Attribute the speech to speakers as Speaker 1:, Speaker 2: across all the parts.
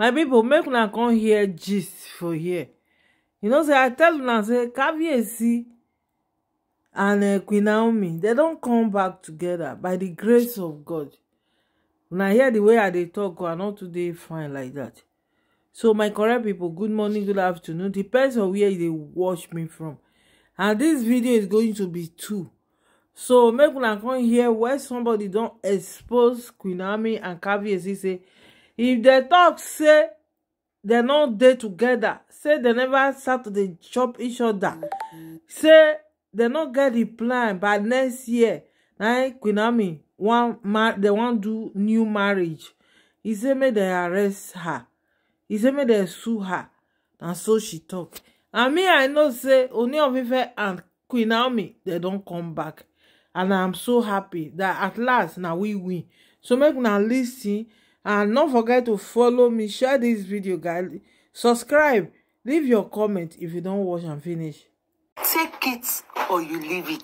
Speaker 1: my pipo make una come hear gist for here you know say i tell una say caviarcy and uh, queen naomi dem don come back together by the grace of god una hear the way i dey tok i no today fine like that. so my correct pipo good morning good afternoon depends on where you dey watch me from and this video is going to be two so make una come hear where somebody don expose queen naomi and caviarcy say if they talk, say dem not dey together. say they never start to chop each other. say they not get di plan by next year right? queen ami they wan do new marriage He said make they arrest her He said make they sue her And so she talk. and me i know say oni of ife and queen naomi dem don come back and i'm so happy that at last now we win so make una lis ten and don't forget to follow me share this video guys subscribe leave your comment if you don't watch and finish
Speaker 2: take it or you leave it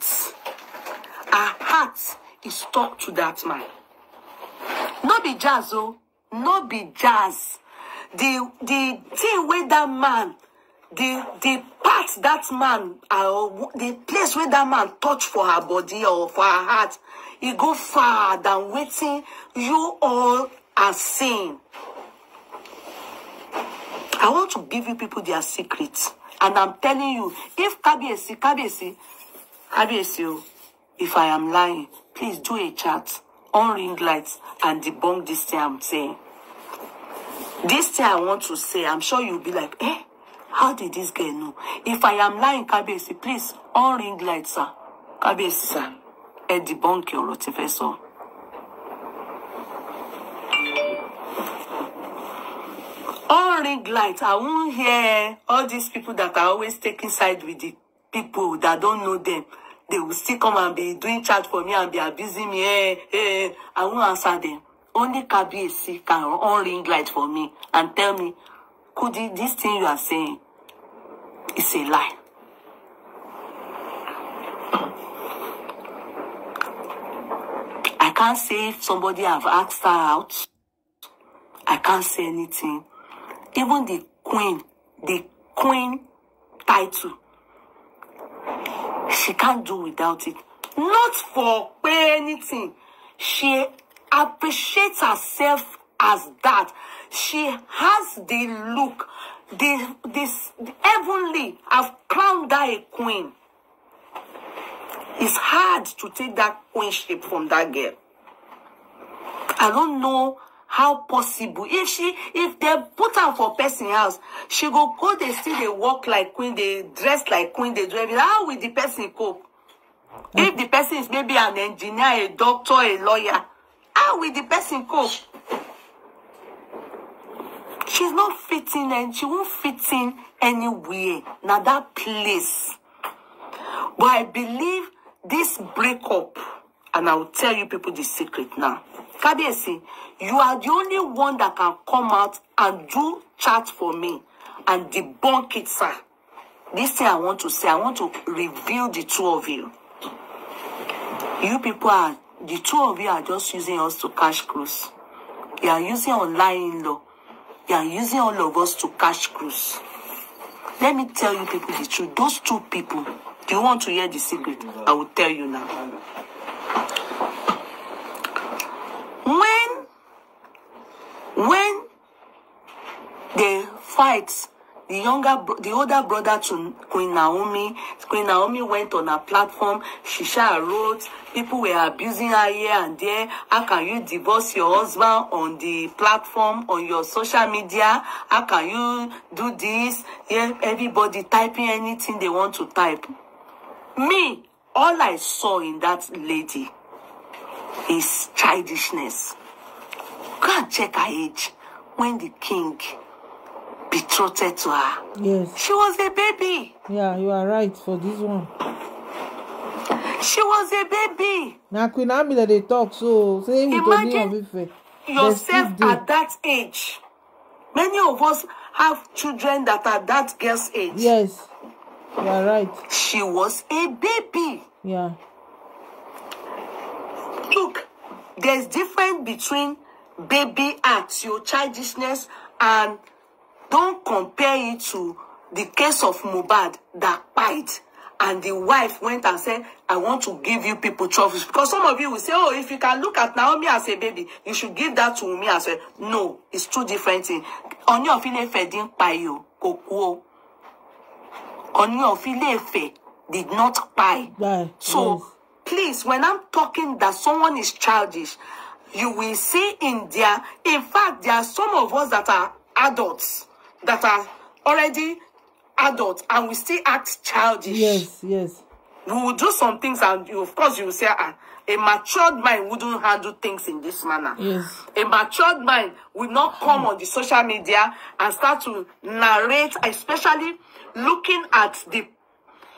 Speaker 2: Our heart is stuck to that man no be jazz oh, no be jazz the the thing wey that man the the part that man or uh, the place where that man touch for her body or for her heart e go far than waiting. you all are saying. I want to give you people their secrets. And I'm telling you, if Kabiyesi, Kabiyesi, Kabiyesi, if I am lying, please do a chat on ring lights and debunk this thing I'm saying. This thing I want to say, I'm sure you'll be like, eh, how did this guy know? If I am lying, Kabiyesi, please on ring lights, sir. Kabiyesi, sir, and debunk your tí fẹ́ that ring light, I won't hear all these people that are always taking side with the people that don't know them. They will still come and be doing chat for me and be abusing me. Hey, eh, eh, hey. I won't answer them. Only KBC can on ring light for me and tell me, Kudi, this thing you are saying is a lie. I can't say if somebody have asked her out. I can't say anything even the queen, the queen title, she can't do without it. Not for anything. She appreciates herself as that. She has the look, the this the heavenly. I've crowned her a queen. It's hard to take that queenship from that girl. I don't know how possible if she if dem put am for person house she go go dey still dey work like queen dey dress like queen dey do everything how will the person cope if the person is maybe an engineer a doctor a lawyer how will the person cope she's not fitting and she won't fit in anywhere na that place but i believe this breakup and I will tell you people the secret now. Kabesi, you are the only one that can come out and do chat for me and debunk it, sir. This thing I want to say, I want to reveal the two of you. You people are, the two of you are just using us to cash cruise. You are using online law. You are using all of us to cash cruise. Let me tell you people the truth. Those two people, do you want to hear the secret? I will tell you now. When, when they fight, the younger, the older brother to Queen Naomi, Queen Naomi went on her platform, She Shisha wrote, people were abusing her here and there. How can you divorce your husband on the platform, on your social media? How can you do this? Yeah, everybody typing anything they want to type. Me, all I saw in that lady His childishness. Go and check her age when the king betrothed to her. Yes. She was a baby.
Speaker 1: Yeah, you are right for this one.
Speaker 2: She was a baby.
Speaker 1: Na Queen that they talk so say we don't Yourself at that age.
Speaker 2: Many of us have children that are that girl's age. Yes. You are right. She was a baby. Yeah there's difference between baby act your childishness and don't compare it to the case of Mubad that bite, and the wife went and said i want to give you people trophies because some of you will say oh if you can look at naomi as a baby you should give that to me as well no it's two different things Ọọ̀ni of Ilé-Ifẹ̀ dín pie o kò of ilé did not pie Bye. so yes. Please, when I'm talking that someone is childish, you will see in there, in fact, there are some of us that are adults, that are already adults, and we still act childish.
Speaker 1: Yes, yes.
Speaker 2: We will do some things, and you, of course, you will say, ah, a matured mind wouldn't handle things in this manner. Yes. A matured mind will not come on the social media and start to narrate, especially looking at the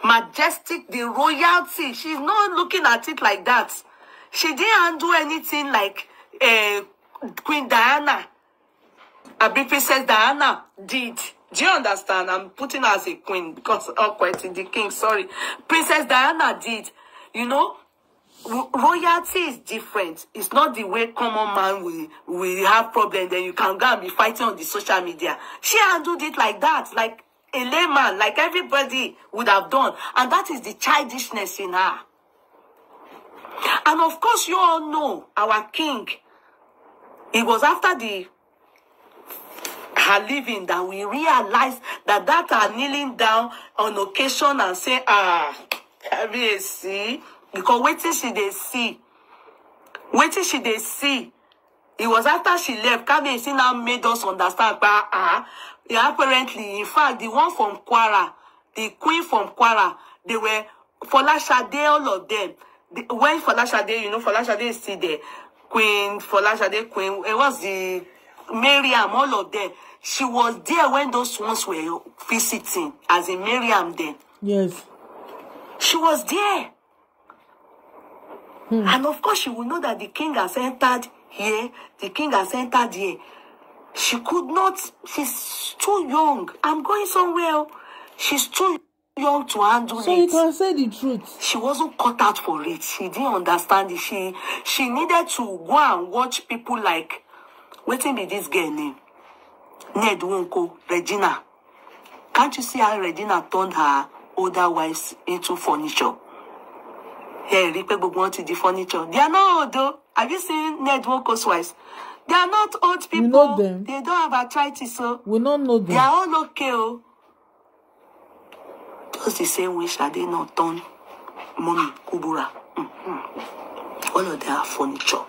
Speaker 2: majestic, the royalty. She's not looking at it like that. She didn't do anything like uh, Queen Diana, Abi Princess Diana did. Do you understand? I'm putting her as a queen because oh, quite the king, sorry. Princess Diana did. You know, royalty is different. It's not the way common man will, will have problem. Then you can go and be fighting on the social media. She handled it like that. Like, a layman like everybody would have done. And that is the childishness in her. And of course, you all know our king. It was after the her living that we realized that that are kneeling down on occasion and say, ah, let me see. Because waiting she they see. Waiting she they see It was after she left, Kabiyesi now made us understand by ah, Yeah, apparently, in fact, the one from Kwara, the queen from Kwara, they were Folashade, all of them. The, when Folashade, you know, Folashade is still there. Queen, Folashade, Queen, it was the Miriam, all of them. She was there when those ones were visiting, as in Miriam then. Yes. She was there. Hmm. And of course, she will know that the king has entered here, the king has entered here. She could not, she's too young. I'm going somewhere. Oh. She's too young to handle so it. So you can say the truth. She wasn't cut out for it. She didn't understand it. She she needed to go and watch people like wetin be this girl name? Ned Wonko, Regina. Can't you see how Regina turned her older wives into furniture? Hey, rí pé gbogbo wọn furniture. They are not old o. Have you seen network housewives? They are not old people. We know them. They don't have arthritis. So we don't know them. They are all okay. Oh. Just the same way shall they not done mommy Kubura. Mm-hmm. All of their furniture.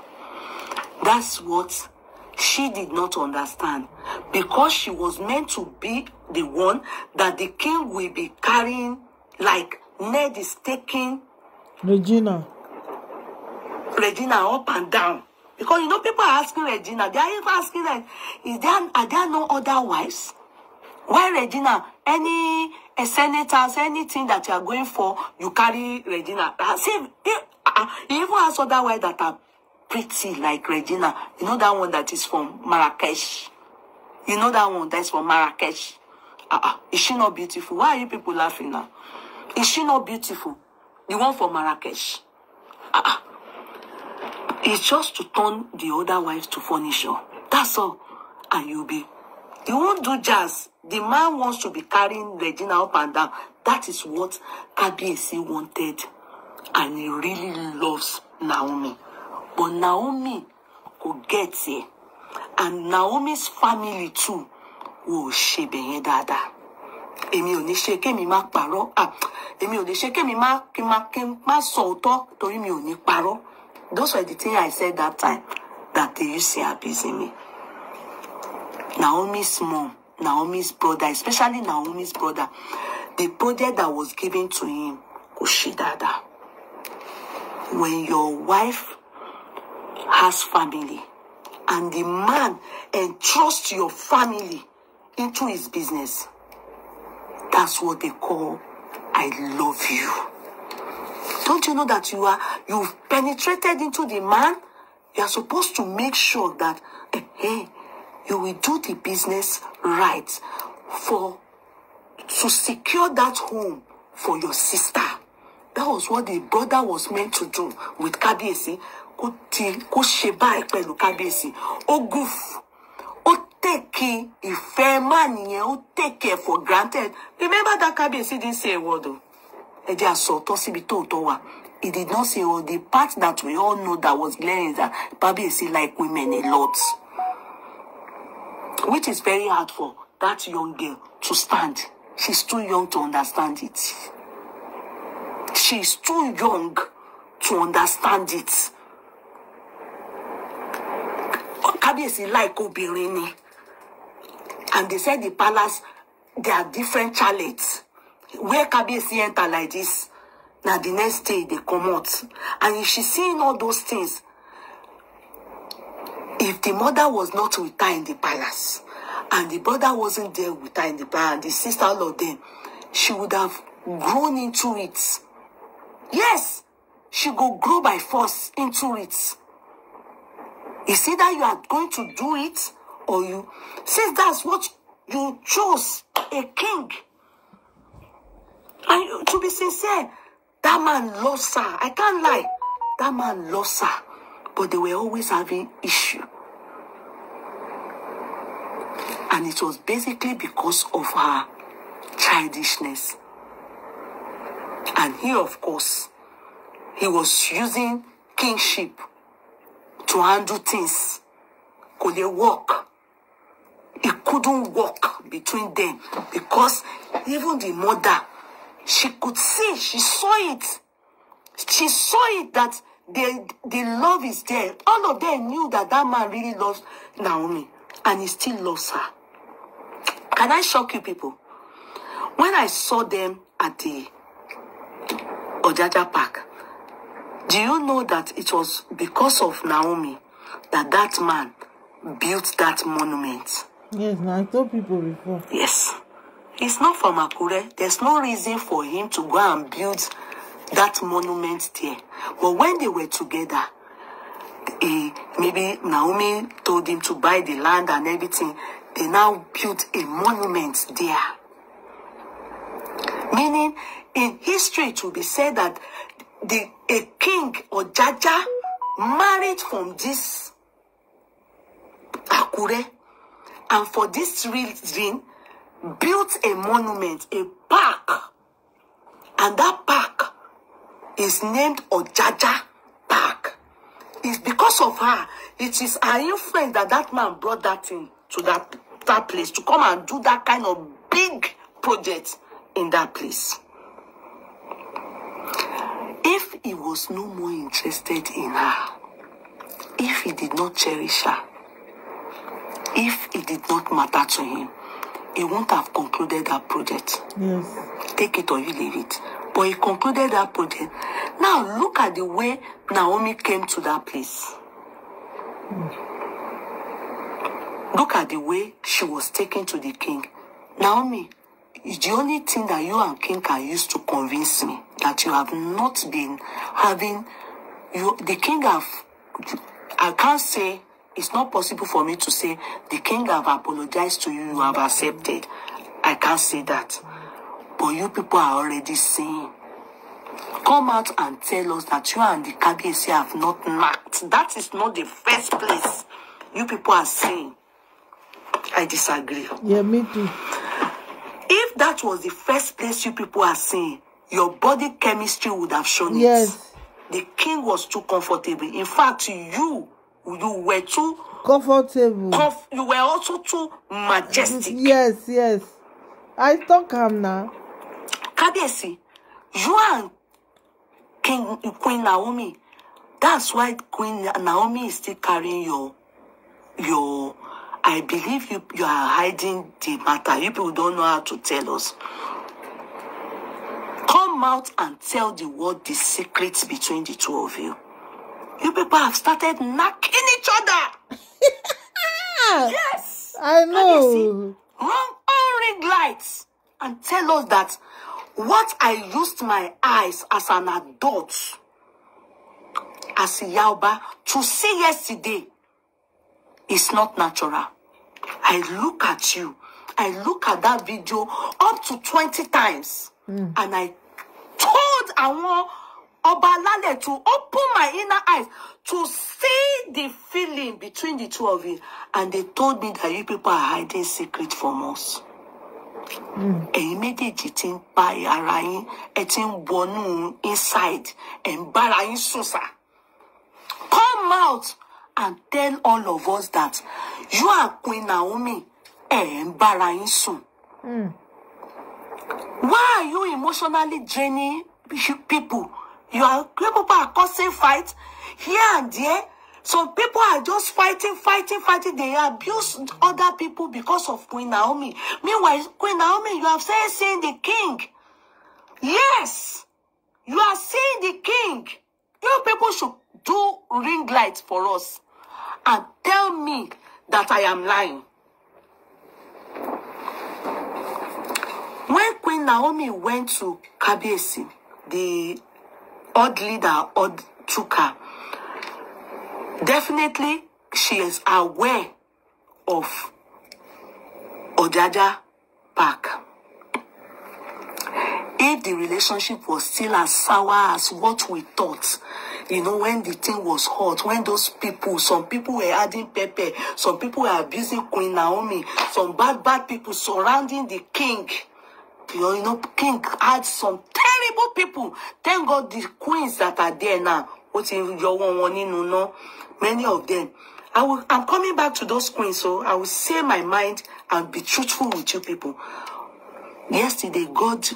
Speaker 2: That's what she did not understand because she was meant to be the one that the king will be carrying like Ned is taking
Speaker 1: Regina
Speaker 2: Regina up and down. Because you know, people are asking Regina, they are even asking that, is there, are there no other wives? Why Regina, any a senators, anything that you are going for, you carry Regina. Ah, see if, You ah, ah, even ask other wives that are pretty like Regina. You know that one that is from Marrakesh. You know that one that's from Marrakesh. Uh, uh, is she not beautiful? Why are you people laughing now? Is she not beautiful? The one from Marrakesh. Uh, uh, It's just to turn the other wife to furniture. That's all. And you'll be. You won't do jazz. The man wants to be carrying Regina up and down. That is what KBC wanted. And he really loves Naomi. But Naomi could get it. And Naomi's family too will shape dáadáa. Èmi ò ní ṣe kémi má parọ́. Ah, èmi ò ní ṣe kémi má kí má sọ òótọ́ to mi ò ní parọ́. Those were the things I said that time that they used to abusing me. Naomi's mom, Naomi's brother, especially Naomi's brother, the project that was given to him, Kushidada. When your wife has family and the man entrusts your family into his business, that's what they call I love you. Don't you know that you are, you've penetrated into the man? You are supposed to make sure that, eh, hey, you will do the business right for, to secure that home for your sister. That was what the brother was meant to do with Kábíyèsí. Kó ti, kó ṣe báyìí pẹ̀lú Kábíyèsí. Ó goof. Ó take ìfẹ́ man yẹn, ó take care for granted. Remember that Kábíyèsí didn't say a word though ẹ jẹ́ àsọ̀tọ́ síbi tóòtọ́ wà he did not see all oh, the part that we all know that was glaring that is like women a lot which is very hard for that young girl to stand she's too young to understand it she's too young to understand it Kábíyèsí like obìnrin ni and they said the palace there are different challenges where kabiyesi enter like this Now the next day they come out, and if she seeing all those things if the mother was not with her in the palace and the brother wasn't there with her in the palace and the sister all of them she would have grown into it yes she go grow by force into it it's either you are going to do it or you since that's what you chose a king I, to be sincere, that man loves her. I can't lie. That man loves her. But they were always having issue. And it was basically because of her childishness. And he, of course, he was using kingship to handle things. Could they walk? It couldn't walk between them because even the mother she could see, she saw it. She saw it that the, the love is there. All of them knew that that man really loves Naomi and he still loves her. Can I shock you people? When I saw them at the Ojaja Park, do you know that it was because of Naomi that that man built that monument?
Speaker 1: Yes, I told people before.
Speaker 2: Yes. It's not from Akure. There's no reason for him to go and build that monument there. But when they were together, he, eh, maybe Naomi told him to buy the land and everything. They now built a monument there. Meaning, in history, it will be said that the, a king or Jaja married from this Akure. And for this reason, built a monument, a park. And that park is named Ojaja Park. It's because of her. It is her influence that that man brought that thing to that, that place to come and do that kind of big project in that place. If he was no more interested in her, if he did not cherish her, if it did not matter to him, he won't have concluded that project. Yes. Take it or you leave it. But he concluded that project. Now look at the way Naomi came to that place. Mm. Look at the way she was taken to the king. Naomi, the only thing that you and king can use to convince me that you have not been having you the king have I can't say it's not possible for me to say, the king have apologized to you, you have accepted. I can't say that. But you people are already saying. Come out and tell us that you and the KBC have not knocked. That is not the first place you people are saying. I disagree. Yeah, me too. If that was the first place you people are saying, your body chemistry would have shown yes. it. Yes. The king was too comfortable. In fact, you
Speaker 1: you were too comfortable. Comf you were also too majestic. Yes, yes. I talk am now. Kábíyèsí, you
Speaker 2: and King Queen Naomi, that's why Queen Naomi is still carrying your your I believe you you are hiding the matter. You people don't know how to tell us. Come out and tell the world the secrets between the two of you. you people have started knocking each other.
Speaker 1: yes. I know.
Speaker 2: Wrong on red lights and tell us that what I used my eyes as an adult, as Yauba, to see yesterday is not natural. I look at you. I look at that video up to 20 times. Mm. And I told want. Oba Alale to open my inner eyes to see the feeling between the two of you. And they told me that you people are hiding secret from us. ẹ̀yin méjèèjì ti ń pa inside ẹ̀ ń bára yín come out and tell all of us that you are Queen Naomi ẹ̀ ń bára hmm. why are you emotionally draining people You are people are causing fight here and there. Some people are just fighting, fighting, fighting. They abuse other people because of Queen Naomi. Meanwhile, Queen Naomi, you have said seeing the king. Yes, you are seeing the king. You people should do ring lights for us and tell me that I am lying. When Queen Naomi went to Kabesi, the odd leader, odd chuka. Definitely, she is aware of Ojaja Park. If the relationship was still as sour as what we thought, you know, when the thing was hot, when those people, some people were adding pepper, some people were abusing Queen Naomi, some bad, bad people surrounding the king. You know, you know, king had some terrible people. Thank God the queens that are there now. What in your one one in no many of them. I will I'm coming back to those queens, so I will say my mind and be truthful with you people. Yesterday, God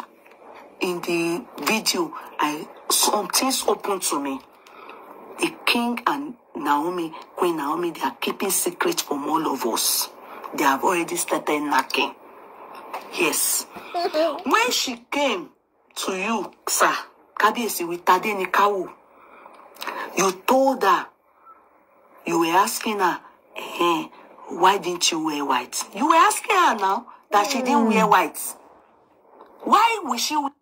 Speaker 2: in the video, I some things opened to me. The king and Naomi, Queen Naomi, they are keeping secret from all of us. They have already started knocking. Yes. when she came, to you, sir, Kábíyèsí with Tade Nikawo. You told her, you were asking her, hey, why didn't you wear white? You were asking her now that mm. she didn't wear hmm. white. Why was she